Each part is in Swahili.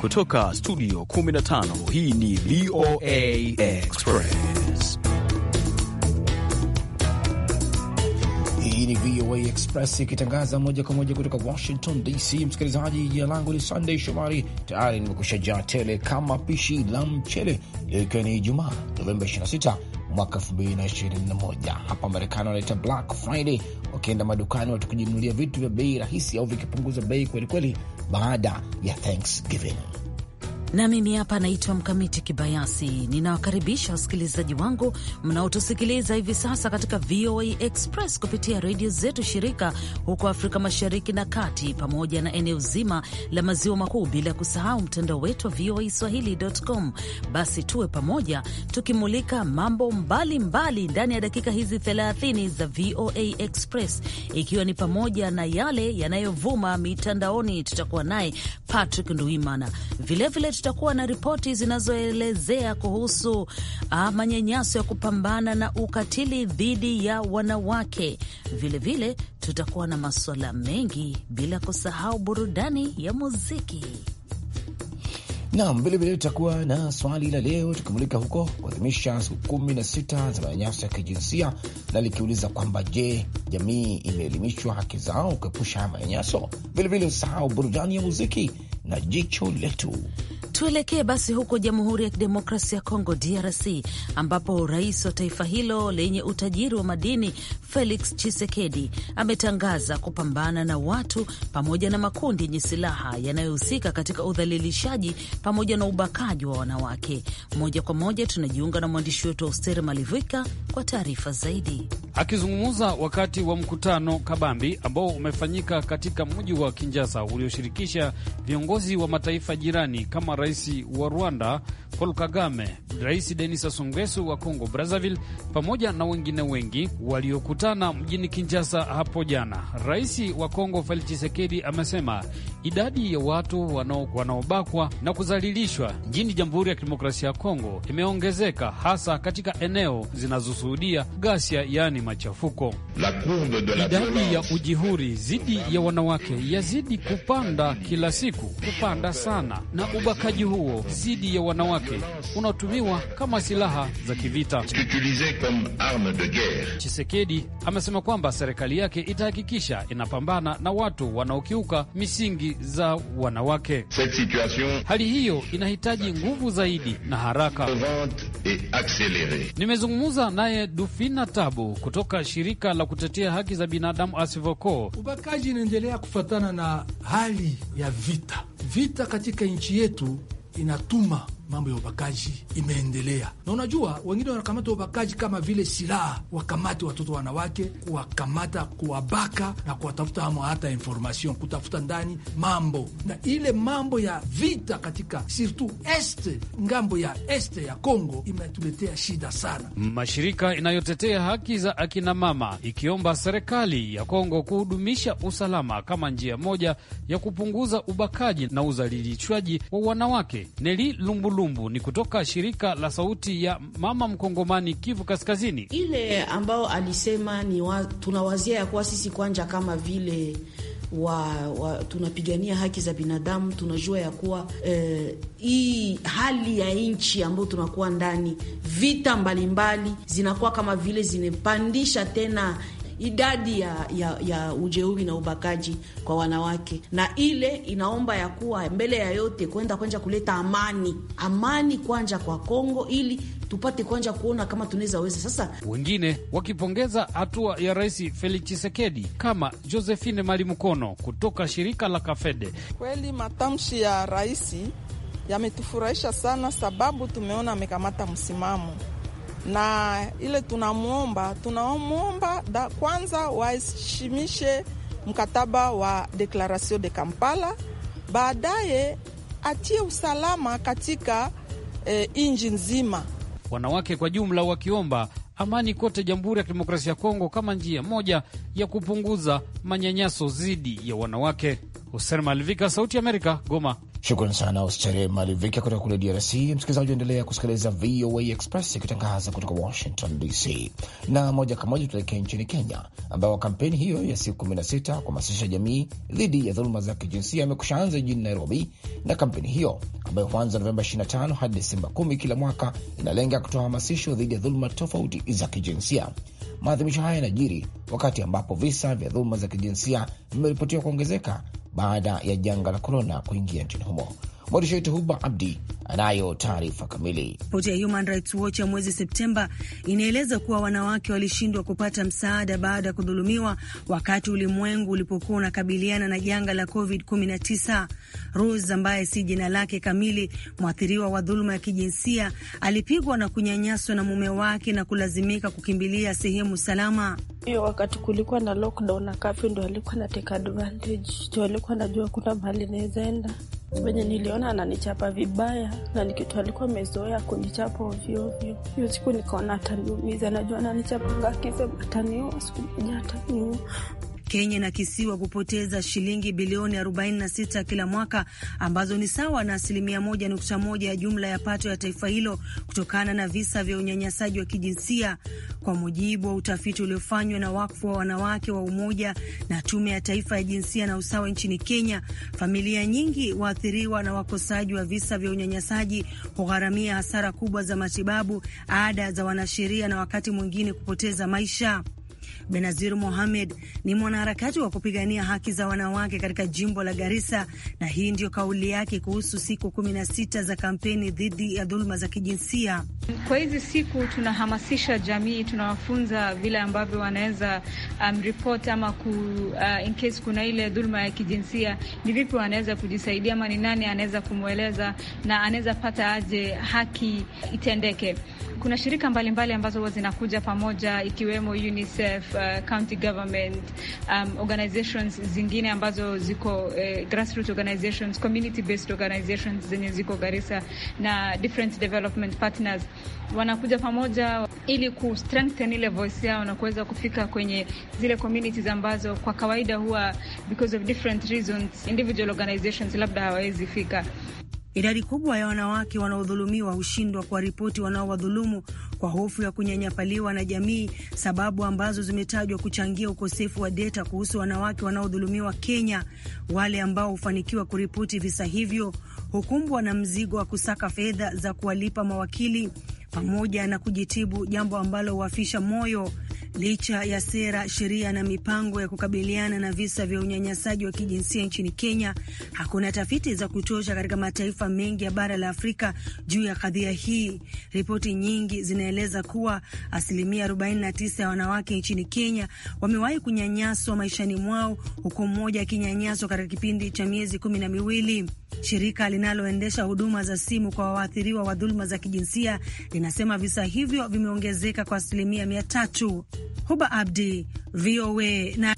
Kutoka studio 15 hii ni VOA Express. Hii ni VOA Express ikitangaza moja kwa moja kutoka Washington DC. Msikilizaji, jina langu ni Sunday Shomari, tayari nimekusha jaa tele kama pishi la mchele, ikiwa ni Ijumaa Novemba 26 mwaka 2021. Hapa Marekani wanaita Black Friday, wakienda madukani watu kujinunulia vitu vya bei rahisi au vikipunguza bei kwelikweli baada ya Thanksgiving. na mimi hapa naitwa Mkamiti Kibayasi. Ninawakaribisha wasikilizaji wangu mnaotusikiliza hivi sasa katika VOA Express kupitia redio zetu shirika huko Afrika Mashariki na Kati, pamoja na eneo zima la Maziwa Makuu, bila kusahau mtandao wetu wa VOA Swahili.com. Basi tuwe pamoja tukimulika mambo mbalimbali ndani ya dakika hizi 30 za VOA Express, ikiwa ni pamoja na yale yanayovuma mitandaoni. Tutakuwa naye Patrick Nduimana vilevile tutakuwa na ripoti zinazoelezea kuhusu ah, manyanyaso ya kupambana na ukatili dhidi ya wanawake. Vilevile vile, tutakuwa na masuala mengi bila kusahau burudani ya muziki. Nam, vilevile tutakuwa na swali la leo tukimulika huko kuadhimisha siku kumi na sita za manyanyaso ya kijinsia, na likiuliza kwamba je, jamii imeelimishwa haki zao kuepusha manyanyaso? Vilevile usahau burudani ya muziki na jicho letu. Tuelekee basi huko Jamhuri ya Kidemokrasia ya Kongo, DRC, ambapo rais wa taifa hilo lenye utajiri wa madini Felix Chisekedi ametangaza kupambana na watu pamoja na makundi yenye silaha yanayohusika katika udhalilishaji pamoja na ubakaji wa wanawake. Moja kwa moja tunajiunga na mwandishi wetu Auster Malivika kwa taarifa zaidi. Akizungumza wakati wa mkutano kabambi ambao umefanyika katika mji wa Kinjasa ulioshirikisha viongozi wa mataifa jirani kama rais wa Rwanda Paul Kagame, Rais Denis Sassou Nguesso wa Congo Brazzaville, pamoja na wengine wengi waliokutana mjini Kinshasa hapo jana. Rais wa Kongo Felix Tshisekedi amesema idadi ya watu wanaobakwa na kuzalilishwa nchini Jamhuri ya Kidemokrasia ya Kongo imeongezeka hasa katika eneo zinazoshuhudia ghasia, yaani machafuko. Idadi ya ujihuri dhidi ya wanawake yazidi kupanda kila siku, kupanda sana, na ubakaji huo dhidi ya wanawake yake unaotumiwa kama silaha za kivita. Chisekedi amesema kwamba serikali yake itahakikisha inapambana na watu wanaokiuka misingi za wanawake. Hali hiyo inahitaji nguvu zaidi na haraka. Nimezungumza naye Dufina Tabu kutoka shirika la kutetea haki za binadamu Asivoko. Ubakaji inaendelea kufuatana na hali ya vita. Vita katika nchi yetu inatuma mambo ya ubakaji imeendelea, na unajua wengine wanakamata ubakaji kama vile silaha, wakamate watoto wanawake, kuwakamata, kuwabaka na kuwatafuta, ama hata information kutafuta ndani mambo na ile mambo ya vita katika sirtu este, ngambo ya este ya congo imetuletea shida sana. Mashirika inayotetea haki za akinamama ikiomba serikali ya Kongo kuhudumisha usalama kama njia moja ya kupunguza ubakaji na uzalilishwaji wa wanawake. Neli Lumbulu Kulumbu ni kutoka shirika la Sauti ya Mama Mkongomani, Kivu Kaskazini. Ile ambayo alisema ni wa, tunawazia ya kuwa sisi kwanja kama vile wa, wa, tunapigania haki za binadamu. Tunajua ya kuwa eh, hii hali ya nchi ambayo tunakuwa ndani, vita mbalimbali zinakuwa kama vile zimepandisha tena idadi ya, ya, ya ujeuri na ubakaji kwa wanawake, na ile inaomba ya kuwa mbele ya yote kwenda kwanja kuleta amani, amani kwanja kwa Kongo, ili tupate kwanja kuona kama tunaweza weza. Sasa wengine wakipongeza hatua ya Rais Felix chisekedi kama Josephine Malimukono kutoka shirika la Kafede. Kweli matamshi ya rais yametufurahisha sana, sababu tumeona amekamata msimamo na ile tunamwomba, tunamwomba kwanza waheshimishe mkataba wa Declaration de Kampala, baadaye atie usalama katika e, nchi nzima. Wanawake kwa jumla wakiomba amani kote Jamhuri ya Kidemokrasia ya Kongo kama njia moja ya kupunguza manyanyaso dhidi ya wanawake. Hosen Malvika, Sauti ya Amerika, Goma. Shukran sana Ustere Malivika kutoka kule DRC. Msikilizaji, endelea kusikiliza VOA Express ikitangaza kutoka Washington DC, na moja kwa moja tuelekee nchini Kenya, ambapo kampeni hiyo ya siku 16 kuhamasisha jamii dhidi ya dhuluma za kijinsia imekusha anza jijini Nairobi, na kampeni hiyo ambayo huanza Novemba 25 hadi Desemba 10 kila mwaka inalenga kutoa hamasisho dhidi ya dhuluma tofauti za kijinsia Maadhimisho haya yanajiri wakati ambapo visa vya dhuluma za kijinsia vimeripotiwa kuongezeka baada ya janga la korona kuingia nchini humo wetu Huba Abdi anayo taarifa kamili. Ripoti ya Human Rights Watch ya mwezi Septemba inaeleza kuwa wanawake walishindwa kupata msaada baada ya kudhulumiwa wakati ulimwengu ulipokuwa unakabiliana na janga la COVID-19. Rose ambaye si jina lake kamili, mwathiriwa wa dhuluma ya kijinsia, alipigwa na kunyanyaswa na mume wake na kulazimika kukimbilia sehemu salama. Hiyo wakati kulikuwa na lockdown na kafyu, ndo alikuwa na take advantage, ndo alikuwa najua kuna mahali nawezaenda venye niliona ananichapa vibaya, na nikitu alikuwa amezoea kunichapa ovyoovyo. Hiyo siku nikaona ataniumiza, najua ananichapanga ngakisema ataniua, siku moja ataniua. Kenya inakisiwa kupoteza shilingi bilioni 46 kila mwaka ambazo ni sawa na asilimia 1.1 ya jumla ya pato ya taifa hilo kutokana na visa vya unyanyasaji wa kijinsia, kwa mujibu wa utafiti uliofanywa na wakfu wa wanawake wa Umoja na Tume ya Taifa ya Jinsia na Usawa nchini Kenya. Familia nyingi waathiriwa na wakosaji wa visa vya unyanyasaji hugharamia hasara kubwa za matibabu, ada za wanasheria na wakati mwingine kupoteza maisha. Benazir Mohamed ni mwanaharakati wa kupigania haki za wanawake katika jimbo la Garissa, na hii ndiyo kauli yake kuhusu siku kumi na sita za kampeni dhidi ya dhuluma za kijinsia. Kwa hizi siku tunahamasisha jamii, tunawafunza vile ambavyo wanaweza um, report ama ku, uh, in case kuna ile dhuluma ya kijinsia, ni vipi wanaweza kujisaidia, ama ni nani anaweza kumweleza na anaweza pata aje haki itendeke kuna shirika mbalimbali mbali ambazo huwa zinakuja pamoja ikiwemo UNICEF, uh, county government um, organizations zingine ambazo ziko eh, grassroots organizations, community based organizations zenye ziko Garissa na different development partners wanakuja pamoja ili ku strengthen ile voice yao na kuweza kufika kwenye zile communities ambazo kwa kawaida huwa because of different reasons individual organizations labda hawawezi fika. Idadi kubwa ya wanawake wanaodhulumiwa hushindwa kuwaripoti wanaowadhulumu kwa hofu ya kunyanyapaliwa na jamii, sababu ambazo zimetajwa kuchangia ukosefu wa deta kuhusu wanawake wanaodhulumiwa Kenya. Wale ambao hufanikiwa kuripoti visa hivyo hukumbwa na mzigo wa kusaka fedha za kuwalipa mawakili pamoja na kujitibu, jambo ambalo huafisha moyo. Licha ya sera, sheria na mipango ya kukabiliana na visa vya unyanyasaji wa kijinsia nchini Kenya, hakuna tafiti za kutosha katika mataifa mengi ya bara la Afrika juu ya kadhia hii. Ripoti nyingi zinaeleza kuwa asilimia 49 ya wanawake nchini Kenya wamewahi kunyanyaswa maishani mwao, huku mmoja akinyanyaswa katika kipindi cha miezi kumi na miwili. Shirika linaloendesha huduma za simu kwa waathiriwa wa dhuluma za kijinsia linasema visa hivyo vimeongezeka kwa asilimia mia tatu. Huba Abdi, VOA na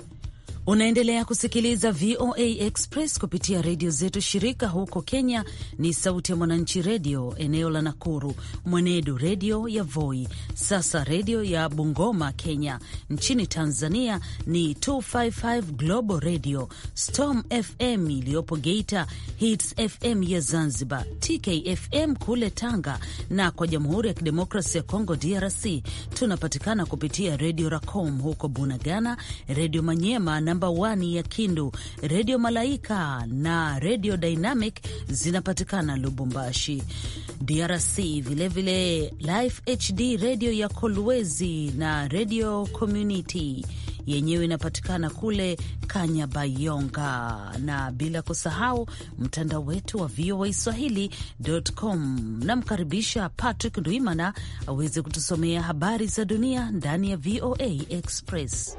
Unaendelea kusikiliza VOA Express kupitia redio zetu shirika. Huko Kenya ni Sauti ya Mwananchi redio eneo la Nakuru, Mwenedu redio ya Voi, Sasa redio ya Bungoma Kenya. Nchini Tanzania ni 255 Global Radio, Storm FM iliyopo Geita, Hits FM ya Zanzibar, TKFM kule Tanga, na kwa Jamhuri ya Kidemokrasi ya Kongo DRC tunapatikana kupitia redio Racom huko Bunagana, redio Manyema na namba 1 ya Kindu, Redio Malaika na Redio Dynamic zinapatikana Lubumbashi, DRC, vilevile Life HD redio ya Kolwezi na Redio Community yenyewe inapatikana kule Kanyabayonga, na bila kusahau mtandao wetu wa VOA Swahili.com. Namkaribisha Patrick Ndwimana aweze kutusomea habari za dunia ndani ya VOA Express.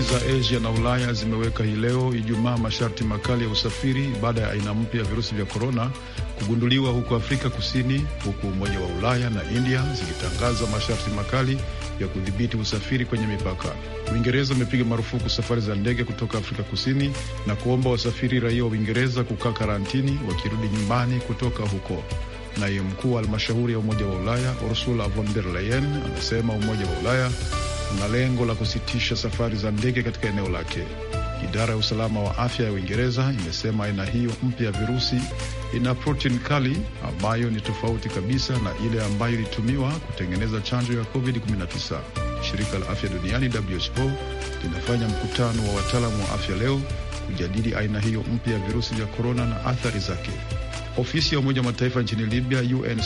Nchi za Asia na Ulaya zimeweka hii leo Ijumaa masharti makali ya usafiri baada ya aina mpya ya virusi vya korona kugunduliwa huko Afrika Kusini, huku Umoja wa Ulaya na India zikitangaza masharti makali ya kudhibiti usafiri kwenye mipaka. Uingereza imepiga marufuku safari za ndege kutoka Afrika Kusini na kuomba wasafiri raia wa Uingereza kukaa karantini wakirudi nyumbani kutoka huko. Naye mkuu wa halmashauri ya Umoja wa Ulaya Ursula von der Leyen amesema Umoja wa Ulaya na lengo la kusitisha safari za ndege katika eneo lake. Idara ya usalama wa afya ya Uingereza imesema aina hiyo mpya ya virusi ina protini kali ambayo ni tofauti kabisa na ile ambayo ilitumiwa kutengeneza chanjo ya COVID-19. Shirika la afya duniani WHO linafanya mkutano wa wataalamu wa afya leo kujadili aina hiyo mpya ya virusi vya korona na athari zake. Ofisi ya Umoja Mataifa nchini Libya, UN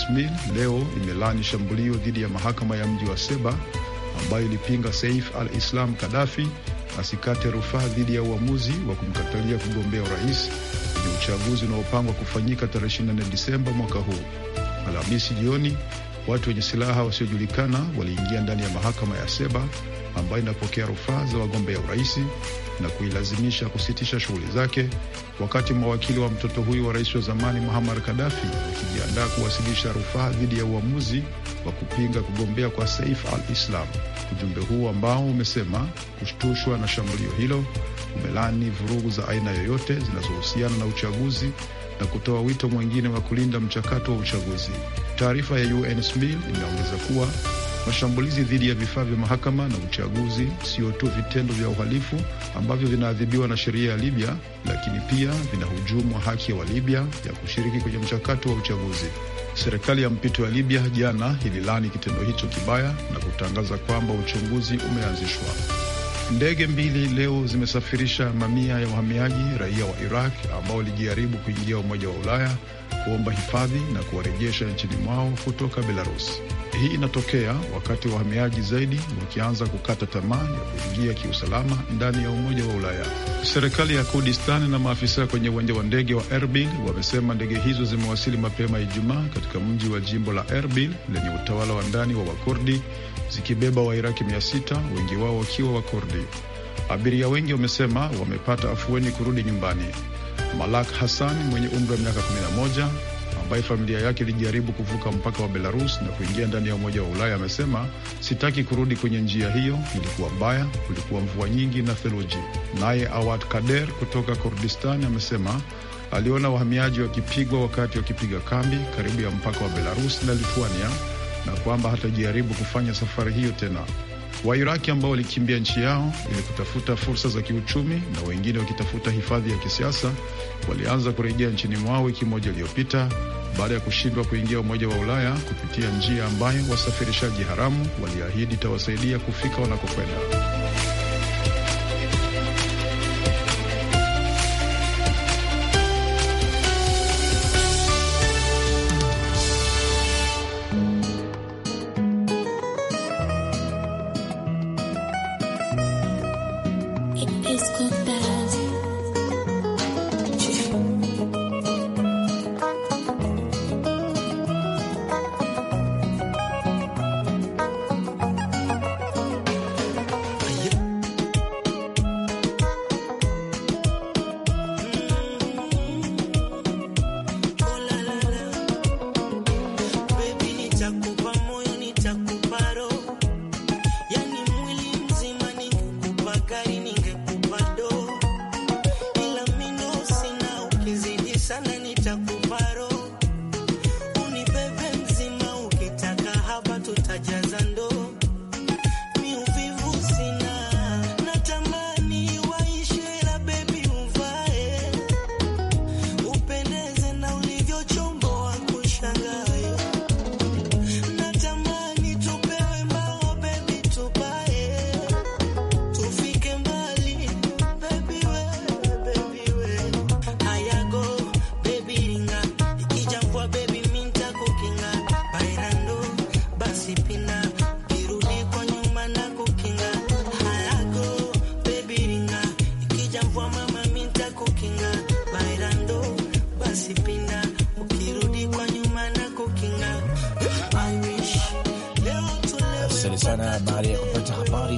leo imelaani shambulio dhidi ya mahakama ya mji wa Seba ambayo ilipinga Saif al-Islam kadafi asikate rufaa dhidi ya uamuzi wa kumkatalia kugombea urais kwenye uchaguzi unaopangwa kufanyika tarehe 24 Disemba mwaka huu. Alhamisi jioni Watu wenye silaha wasiojulikana waliingia ndani ya mahakama ya Seba ambayo inapokea rufaa za wagombea uraisi na kuilazimisha kusitisha shughuli zake, wakati mawakili wa mtoto huyu wa rais wa zamani Muammar kadafi wakijiandaa kuwasilisha rufaa dhidi ya uamuzi wa kupinga kugombea kwa Saif al-Islam. Ujumbe huu ambao umesema kushtushwa na shambulio hilo umelani vurugu za aina yoyote zinazohusiana na uchaguzi na kutoa wito mwingine wa kulinda mchakato wa uchaguzi. Taarifa ya UNSMIL imeongeza kuwa mashambulizi dhidi ya vifaa vya mahakama na uchaguzi sio tu vitendo vya uhalifu ambavyo vinaadhibiwa na sheria ya Libya, lakini pia vinahujumu haki ya wa Libya ya kushiriki kwenye mchakato wa uchaguzi. Serikali ya mpito ya Libya jana ililani kitendo hicho kibaya na kutangaza kwamba uchunguzi umeanzishwa. Ndege mbili leo zimesafirisha mamia ya wahamiaji raia wa Iraq ambao walijaribu kuingia Umoja wa Ulaya kuomba hifadhi na kuwarejesha nchini mwao kutoka Belarus. Hii inatokea wakati wahamiaji zaidi wakianza kukata tamaa ya kuingia kiusalama ndani ya Umoja wa Ulaya. Serikali ya Kurdistani na maafisa kwenye uwanja wa ndege wa Erbil wamesema ndege hizo zimewasili mapema Ijumaa katika mji wa jimbo la Erbil lenye utawala wa ndani wa Wakurdi, zikibeba Wairaki mia wengi wao wakiwa Wakurdi. Abiria wengi wamesema wamepata afueni kurudi nyumbani. Malak Hassan mwenye umri wa miaka 11 ambaye familia yake ilijaribu kuvuka mpaka wa Belarus na kuingia ndani ya Umoja wa Ulaya amesema, sitaki kurudi kwenye njia hiyo, ilikuwa mbaya, kulikuwa mvua nyingi na theluji. Naye Awad Kader kutoka Kurdistan amesema aliona wahamiaji wakipigwa wakati wakipiga kambi karibu ya mpaka wa Belarus na Lithuania na kwamba hatajaribu kufanya safari hiyo tena. Wairaki ambao walikimbia nchi yao ili kutafuta fursa za kiuchumi na wengine wakitafuta hifadhi ya kisiasa walianza kurejea nchini mwao wiki moja iliyopita baada ya kushindwa kuingia Umoja wa Ulaya kupitia njia ambayo wasafirishaji haramu waliahidi itawasaidia kufika wanakokwenda.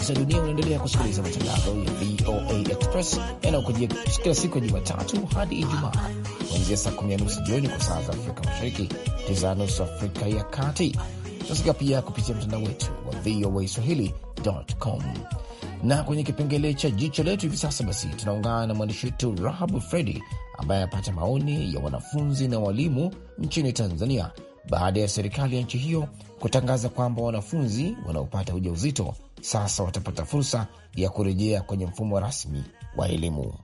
za dunia. Unaendelea kusikiliza matangazo ya VOA Express yanayokujia kila siku ya Jumatatu hadi Ijumaa kuanzia saa kumi na nusu jioni kwa saa za Afrika Mashariki, tisa na nusu Afrika ya Kati. Tunasikia pia kupitia mtandao wetu wa VOA Swahili.com na kwenye kipengele cha jicho letu hivi sasa, basi tunaungana na mwandishi wetu Rahabu Fredi ambaye anapata maoni ya wanafunzi na walimu nchini Tanzania baada ya serikali ya nchi hiyo kutangaza kwamba wanafunzi wanaopata ujauzito sasa watapata fursa ya kurejea kwenye mfumo rasmi wa elimu.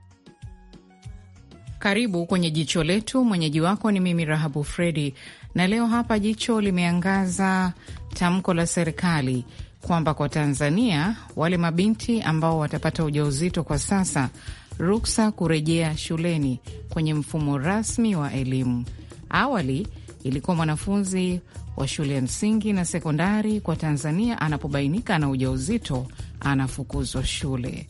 Karibu kwenye jicho letu. Mwenyeji wako ni mimi Rahabu Fredi, na leo hapa jicho limeangaza tamko la serikali kwamba kwa Tanzania wale mabinti ambao watapata ujauzito kwa sasa ruksa kurejea shuleni kwenye mfumo rasmi wa elimu. Awali ilikuwa mwanafunzi wa shule ya msingi na sekondari kwa Tanzania anapobainika na ujauzito anafukuzwa shule.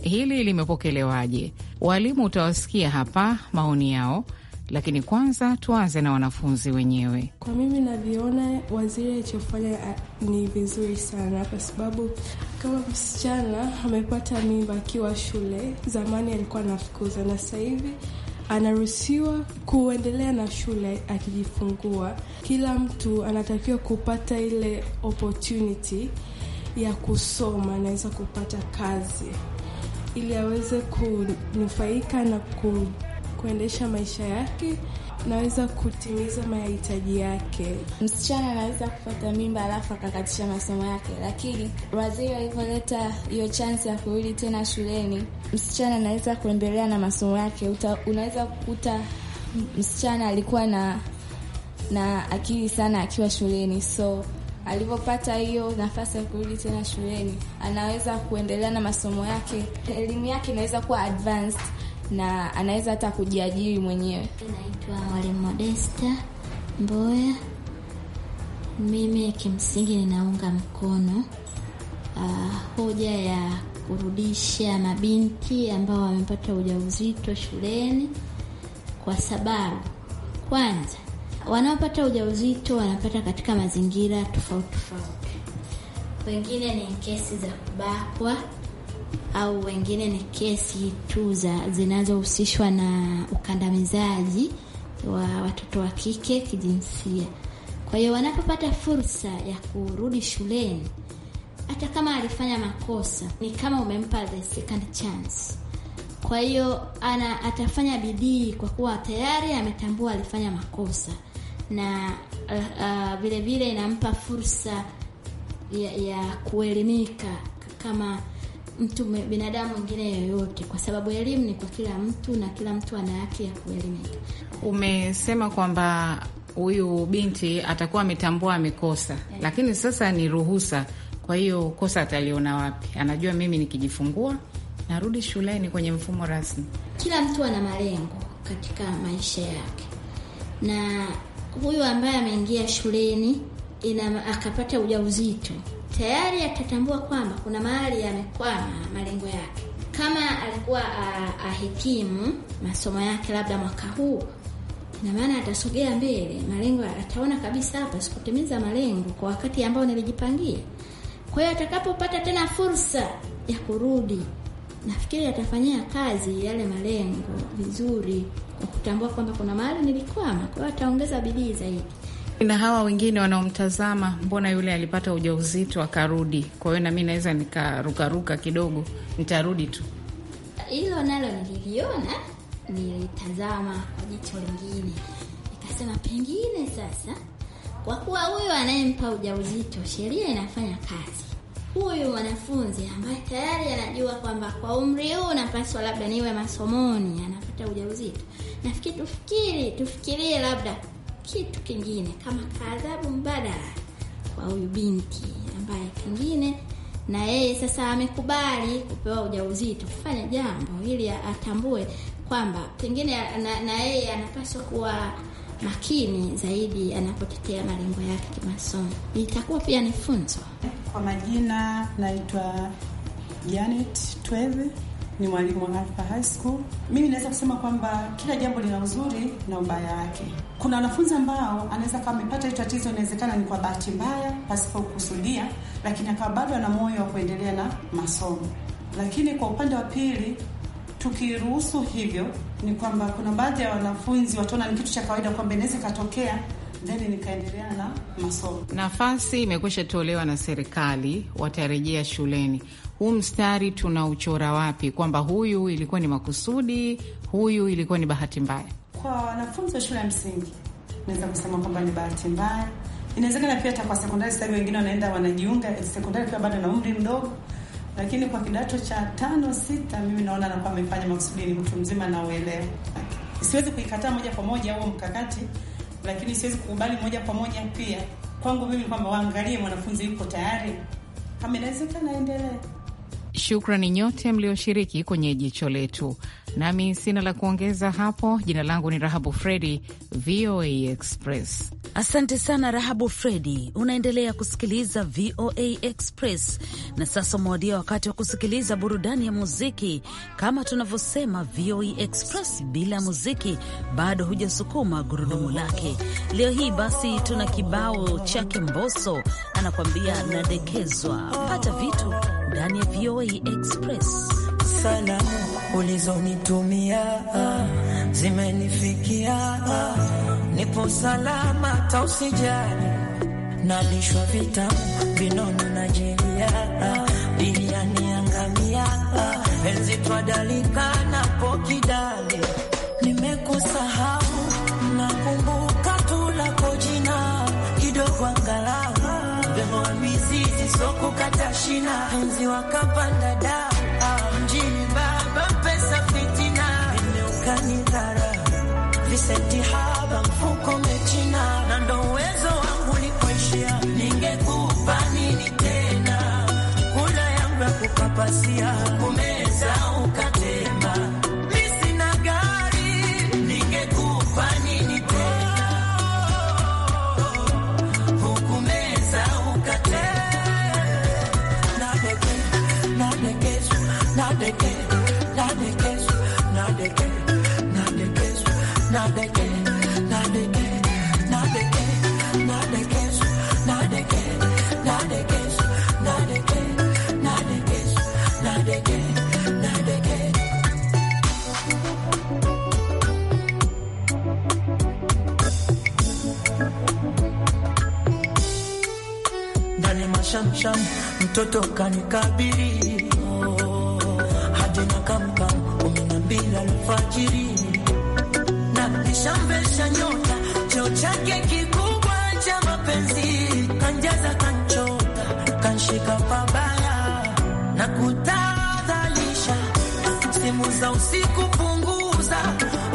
Hili limepokelewaje? Walimu utawasikia hapa maoni yao, lakini kwanza tuanze na wanafunzi wenyewe. Kwa mimi navyoona, waziri alichofanya ni vizuri sana, kwa sababu kama msichana amepata mimba akiwa shule, zamani alikuwa anafukuza na sasa hivi anaruhusiwa kuendelea na shule akijifungua. Kila mtu anatakiwa kupata ile opportunity ya kusoma, anaweza kupata kazi ili aweze kunufaika na ku kuendesha maisha yake, naweza kutimiza mahitaji yake. Msichana anaweza kupata mimba alafu akakatisha masomo yake, lakini waziri alivyoleta hiyo chansi ya kurudi tena shuleni, msichana anaweza kuendelea na masomo yake. Unaweza kukuta msichana alikuwa na na akili sana akiwa shuleni, so alivyopata hiyo nafasi ya kurudi tena shuleni, anaweza kuendelea na masomo yake. Elimu yake inaweza kuwa advanced na anaweza hata kujiajiri mwenyewe. Naitwa Mwalimu Modesta Mboya. Mimi kimsingi ninaunga mkono uh, hoja ya kurudisha mabinti ambao wamepata ujauzito shuleni, kwa sababu kwanza wanaopata ujauzito wanapata katika mazingira tofauti tofauti, wengine ni kesi za kubakwa au wengine ni kesi tu za zinazohusishwa na ukandamizaji wa watoto wa kike kijinsia. Kwa hiyo wanapopata fursa ya kurudi shuleni, hata kama alifanya makosa, ni kama umempa the second chance. Kwa hiyo ana atafanya bidii kwa kuwa tayari ametambua alifanya makosa, na vilevile uh, uh, inampa fursa ya, ya kuelimika kama mtu binadamu mwingine yoyote, kwa sababu elimu ni kwa kila mtu na kila mtu ana haki ya kuelimika. Umesema kwamba huyu binti atakuwa ametambua amekosa, yeah. Lakini sasa ni ruhusa, kwa hiyo kosa ataliona wapi? Anajua mimi nikijifungua narudi shuleni kwenye mfumo rasmi. Kila mtu ana malengo katika maisha yake, na huyu ambaye ameingia shuleni ina akapata ujauzito tayari atatambua kwamba kuna mahali yamekwama malengo yake. Kama alikuwa ahitimu masomo yake labda mwaka huu, ina maana atasogea mbele, malengo ataona kabisa, hapa sikutimiza malengo kwa wakati ambao nilijipangia. Kwa hiyo atakapopata tena fursa ya kurudi, nafikiri atafanyia kazi yale malengo vizuri, kwa kutambua kwamba kuna mahali nilikwama. Kwa hiyo ataongeza bidii zaidi na hawa wengine wanaomtazama, mbona yule alipata ujauzito akarudi? Kwa hiyo nami naweza nikarukaruka kidogo, nitarudi tu. Hilo nalo nililiona, nilitazama kwa jicho lingine, nikasema pengine sasa, kwa kuwa huyu anayempa ujauzito sheria inafanya kazi, huyu mwanafunzi ambaye tayari anajua kwamba kwa umri huu napaswa labda niwe masomoni, anapata ujauzito, nafikiri tufikiri tufikirie labda kitu kingine kama kaadhabu mbadala kwa huyu binti ambaye kingine na yeye sasa amekubali kupewa ujauzito kufanya jambo ili atambue kwamba pengine na yeye anapaswa kuwa makini zaidi anapotetea malengo yake kimasomo. Itakuwa pia ni funzo. Kwa majina naitwa Janet Tweve ni mwalimu wa Alpha High School. Mimi naweza kusema kwamba kila jambo lina uzuri na ubaya wake. Kuna wanafunzi ambao anaweza kama amepata tatizo, inawezekana ni kwa bahati mbaya, pasipo kusudia lakini akawa bado ana moyo wa kuendelea na masomo. Lakini kwa upande wa pili, tukiruhusu hivyo, ni kwamba kuna baadhi ya wanafunzi wataona ni kitu cha kawaida, kwamba inaweza ikatokea then nikaendelea na masomo. Nafasi imekwisha tolewa na serikali, watarejea shuleni huu mstari tunauchora wapi, kwamba huyu ilikuwa ni makusudi, huyu ilikuwa ni bahati mbaya? Kwa wanafunzi wa shule ya msingi naweza kusema kwamba ni bahati mbaya. Inawezekana pia hata kwa sekondari, sasa hivi wengine wanaenda wanajiunga eh, sekondari pia bado na umri mdogo, lakini kwa kidato cha tano sita, mimi naona anakuwa amefanya makusudi, ni mtu mzima na uelewa. Siwezi kuikataa moja kwa moja huo mkakati, lakini siwezi kukubali moja kwa moja pia. Kwangu mimi kwamba waangalie mwanafunzi yuko tayari, kama inawezekana aendelee. Shukrani nyote mlioshiriki kwenye jicho letu, nami sina la kuongeza hapo. Jina langu ni Rahabu Fredi, VOA Express. Asante sana Rahabu Fredi. Unaendelea kusikiliza VOA Express na sasa umewadia wakati wa kusikiliza burudani ya muziki. Kama tunavyosema, VOA Express bila muziki bado hujasukuma gurudumu lake. Leo hii basi tuna kibao chake Mboso anakuambia nadekezwa, pata vitu ndani ya VOA Express. Salamu ulizonitumia zimenifikia, nipo salama, tausijali nalishwa vitamu vinono na jelia, dini yaniangamia, enzi twadalika kukata shina, enzi wakapanda dau ah, mjini baba pesa fitina, imeokanidhara visenti haba mfuko mechina, na ndo uwezo wangu likoishia, ningekupa nini tena, kula yangu ya kukapasia kume maisha, mtoto kanikabiri hadi nakamka kumi na mbili alfajiri na kishambesha nyota cheo chake kikubwa cha mapenzi kanjaza kanchota kanshika pabaya na kutadhalisha simu za usiku punguza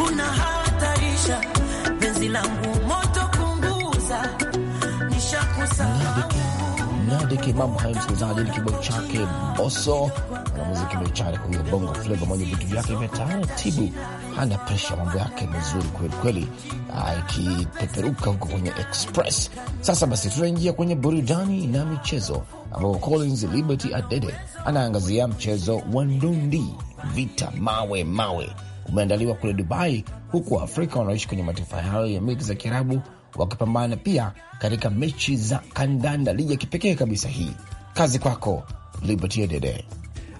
unahatarisha penzi langu moto punguza nishakusahau Dadiki, mambo hayo msikilizaji, ni kibao chake Boso, mwanamuziki machari huyo bongo fleva, mwenye vitu vyake vya taratibu, hana presha, mambo yake mazuri kweli kweli, akipeperuka huko kwenye Express. Sasa basi, tunaingia kwenye burudani na michezo, ambapo Collins Liberty Adede anaangazia mchezo wa ndondi, vita mawe mawe, umeandaliwa kule Dubai, huku Waafrika wanaoishi kwenye mataifa hayo ya milki za Kiarabu wakipambana pia katika mechi za kandanda, ligi ya kipekee kabisa hii. Kazi kwako Liberty Dede.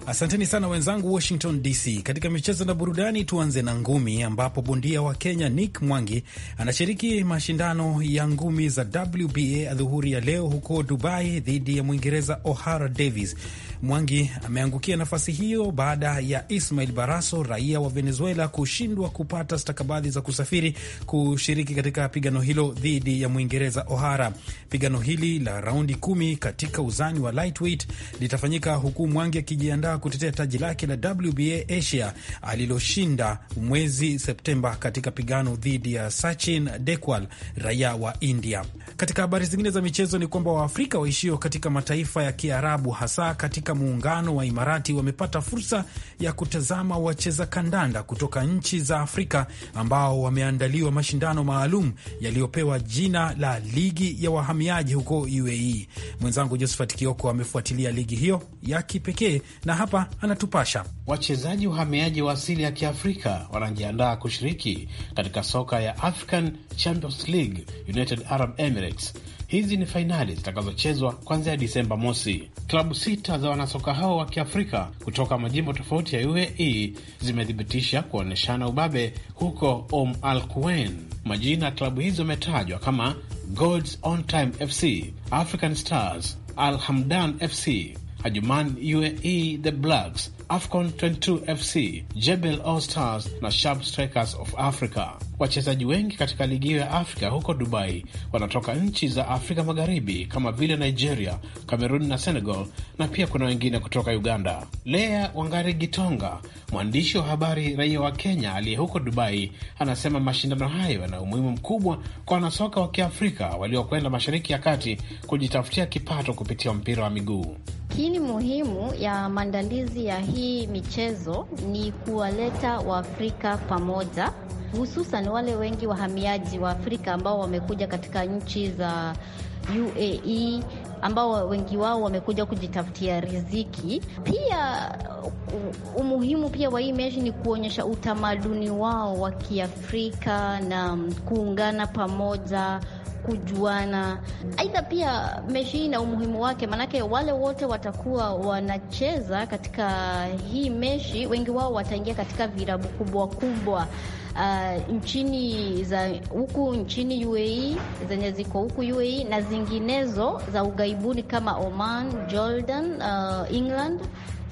Asanteni sana wenzangu Washington DC. Katika michezo na burudani, tuanze na ngumi, ambapo bondia wa Kenya Nick Mwangi anashiriki mashindano ya ngumi za WBA adhuhuri ya leo huko Dubai dhidi ya Mwingereza O'Hara Davis. Mwangi ameangukia nafasi hiyo baada ya Ismail baraso raia wa Venezuela, kushindwa kupata stakabadhi za kusafiri kushiriki katika pigano hilo dhidi ya Mwingereza O'Hara. Pigano hili la raundi kumi katika uzani wa lightweight litafanyika huku Mwangi akijiandaa kutetea taji lake la WBA Asia aliloshinda mwezi Septemba katika pigano dhidi ya Sachin Dekwal, raia wa India. Katika habari zingine za michezo ni kwamba Waafrika waishio katika mataifa ya Kiarabu hasa katika katika muungano wa Imarati wamepata fursa ya kutazama wacheza kandanda kutoka nchi za Afrika ambao wameandaliwa mashindano maalum yaliyopewa jina la ligi ya wahamiaji huko UAE. Mwenzangu Josephat Kioko amefuatilia ligi hiyo ya kipekee na hapa anatupasha. Wachezaji wahamiaji wa asili ya Kiafrika wanajiandaa kushiriki katika soka ya African Champions League United Arab Emirates Hizi ni fainali zitakazochezwa kuanzia Disemba mosi. Klabu sita za wanasoka hao wa Kiafrika kutoka majimbo tofauti ya UAE zimethibitisha kuonyeshana ubabe huko Om Al Quwain. Majina ya klabu hizo yametajwa kama God's On Time FC, African Stars, Al Hamdan FC, Ajuman UAE, The Blacks, AFCON 22 FC, Jebel All Stars na Sharp Strikers of Africa. Wachezaji wengi katika ligi hiyo ya Afrika huko Dubai wanatoka nchi za Afrika Magharibi kama vile Nigeria, Cameroon na Senegal, na pia kuna wengine kutoka Uganda. Lea Wangari Gitonga, mwandishi wa habari raia wa Kenya aliye huko Dubai, anasema mashindano hayo yana umuhimu mkubwa kwa wanasoka wa Kiafrika waliokwenda Mashariki ya Kati kujitafutia kipato kupitia mpira wa miguu. Lakini muhimu ya maandalizi ya hii michezo ni kuwaleta Waafrika pamoja, hususan wale wengi wahamiaji wa Afrika ambao wamekuja katika nchi za UAE ambao wengi wao wamekuja kujitafutia riziki. Pia umuhimu pia wa hii mechi ni kuonyesha utamaduni wao wa Kiafrika na kuungana pamoja, kujuana. Aidha pia mechi hii ina umuhimu wake, maanake wale wote watakuwa wanacheza katika hii mechi, wengi wao wataingia katika virabu kubwa kubwa Uh, nchini za huku nchini UAE zenye ziko huku UAE na zinginezo za ughaibuni kama Oman, Jordan, uh, England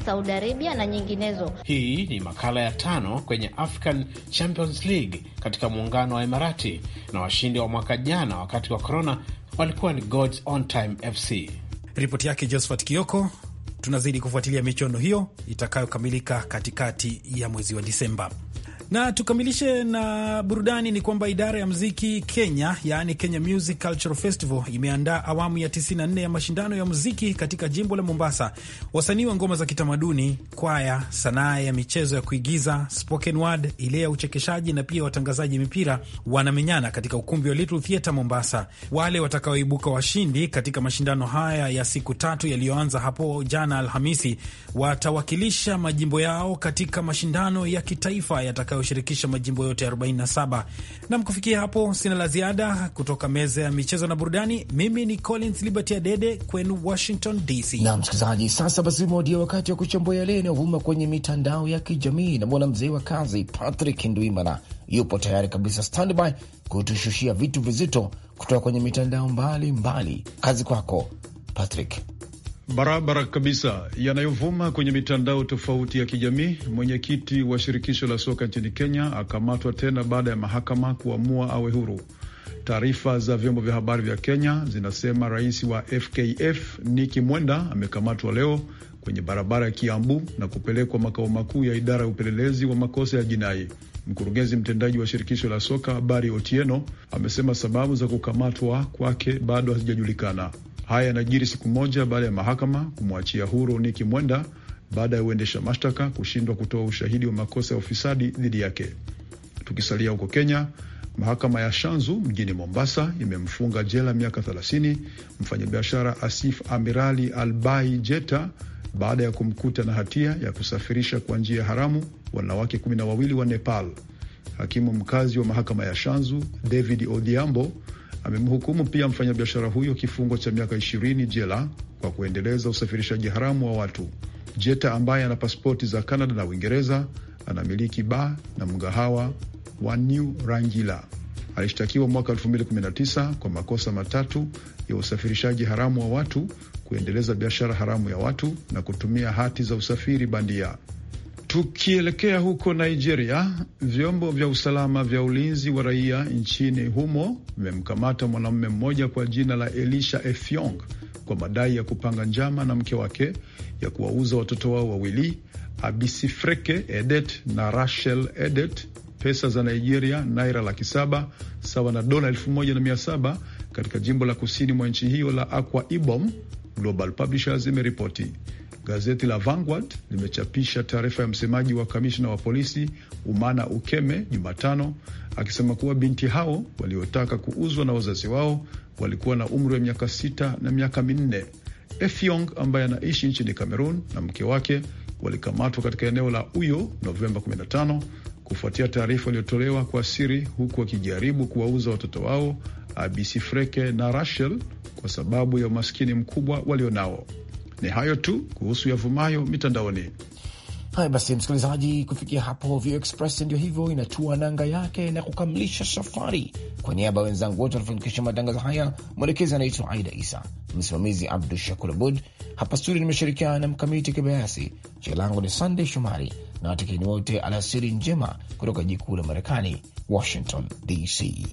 Saudi Arabia na nyinginezo. Hii ni makala ya tano kwenye African Champions League katika muungano wa Emirati, na washindi wa mwaka jana wakati wa korona walikuwa ni God's On Time FC. Ripoti yake Josephat Kioko. Tunazidi kufuatilia michuano hiyo itakayokamilika katikati ya mwezi wa Disemba. Na tukamilishe na burudani, ni kwamba idara ya muziki Kenya, yaani Kenya Music Cultural Festival imeandaa awamu ya 94 ya mashindano ya muziki katika jimbo la Mombasa. Wasanii wa ngoma za kitamaduni, kwaya, sanaa ya michezo ya kuigiza, spoken word, ile ya uchekeshaji na pia watangazaji mipira wanamenyana katika ukumbi wa Little Theatre Mombasa. Wale watakaoibuka washindi katika mashindano haya ya siku tatu yaliyoanza hapo jana Alhamisi watawakilisha majimbo yao katika mashindano ya kitaifa yatakayo yanayoshirikisha majimbo yote 47. Nam, kufikia hapo sina la ziada kutoka meza ya michezo na burudani. Mimi ni Collins Liberty Adede kwenu Washington DC. Na msikilizaji, sasa basi umewadia wakati wa kuchambua yale yanayovuma kwenye mitandao ya kijamii, na mwana mzee wa kazi Patrick Ndwimana yupo tayari kabisa standby kutushushia vitu vizito kutoka kwenye mitandao mbalimbali. Kazi kwako Patrick. Barabara kabisa yanayovuma kwenye mitandao tofauti ya kijamii. Mwenyekiti wa shirikisho la soka nchini Kenya akamatwa tena baada ya mahakama kuamua awe huru. Taarifa za vyombo vya habari vya Kenya zinasema rais wa FKF Niki Mwenda amekamatwa leo kwenye barabara ya Kiambu na kupelekwa makao makuu ya idara ya upelelezi wa makosa ya jinai. Mkurugenzi mtendaji wa shirikisho la soka Barry Otieno amesema sababu za kukamatwa kwake bado hazijajulikana. Haya yanajiri siku moja baada ya mahakama kumwachia huru Niki Mwenda baada ya uendesha mashtaka kushindwa kutoa ushahidi wa makosa ya ufisadi dhidi yake. Tukisalia huko Kenya, mahakama ya Shanzu mjini Mombasa imemfunga jela miaka 30 mfanyabiashara Asif Amirali Albai Jeta baada ya kumkuta na hatia ya kusafirisha kwa njia haramu wanawake kumi na wawili wa Nepal. Hakimu mkazi wa mahakama ya Shanzu David Odhiambo amemhukumu pia mfanyabiashara huyo kifungo cha miaka ishirini jela kwa kuendeleza usafirishaji haramu wa watu. Jeta ambaye ana pasipoti za Kanada na Uingereza anamiliki ba na mgahawa wa New Rangila. Alishtakiwa mwaka 2019 kwa makosa matatu ya usafirishaji haramu wa watu, kuendeleza biashara haramu ya watu na kutumia hati za usafiri bandia. Tukielekea huko Nigeria, vyombo vya usalama vya ulinzi wa raia nchini humo vimemkamata mwanamume mmoja kwa jina la Elisha Efiong kwa madai ya kupanga njama na mke wake ya kuwauza watoto wao wawili Abisifreke Edet na Rachel Edet pesa za Nigeria, naira laki saba sawa na dola elfu moja na mia saba katika jimbo la kusini mwa nchi hiyo la Akwa Ibom, Global Publishers imeripoti. Gazeti la Vanguard limechapisha taarifa ya msemaji wa kamishna wa polisi Umana Ukeme Jumatano akisema kuwa binti hao waliotaka kuuzwa na wazazi wao walikuwa na umri wa miaka sita na miaka minne. Efyong ambaye anaishi nchini Cameroon na mke wake walikamatwa katika eneo la Uyo Novemba 15 kufuatia taarifa iliyotolewa kwa siri, huku wakijaribu kuwauza watoto wao Abisi Freke na Rachel kwa sababu ya umaskini mkubwa walionao. Ni hayo tu kuhusu yavumayo mitandaoni. Haya basi, msikilizaji, kufikia hapo Vio Express ndio hivyo inatua nanga yake na kukamilisha safari. Kwa niaba ya wenzangu wote wanafanikisha matangazo haya, mwelekezi anaitwa Aida Isa, msimamizi Abdu Shakur Abud. Hapa studio nimeshirikiana na Mkamiti Kibayasi. Jina langu ni Sandey Shomari na watikini wote, alasiri njema kutoka jikuu la Marekani, Washington DC.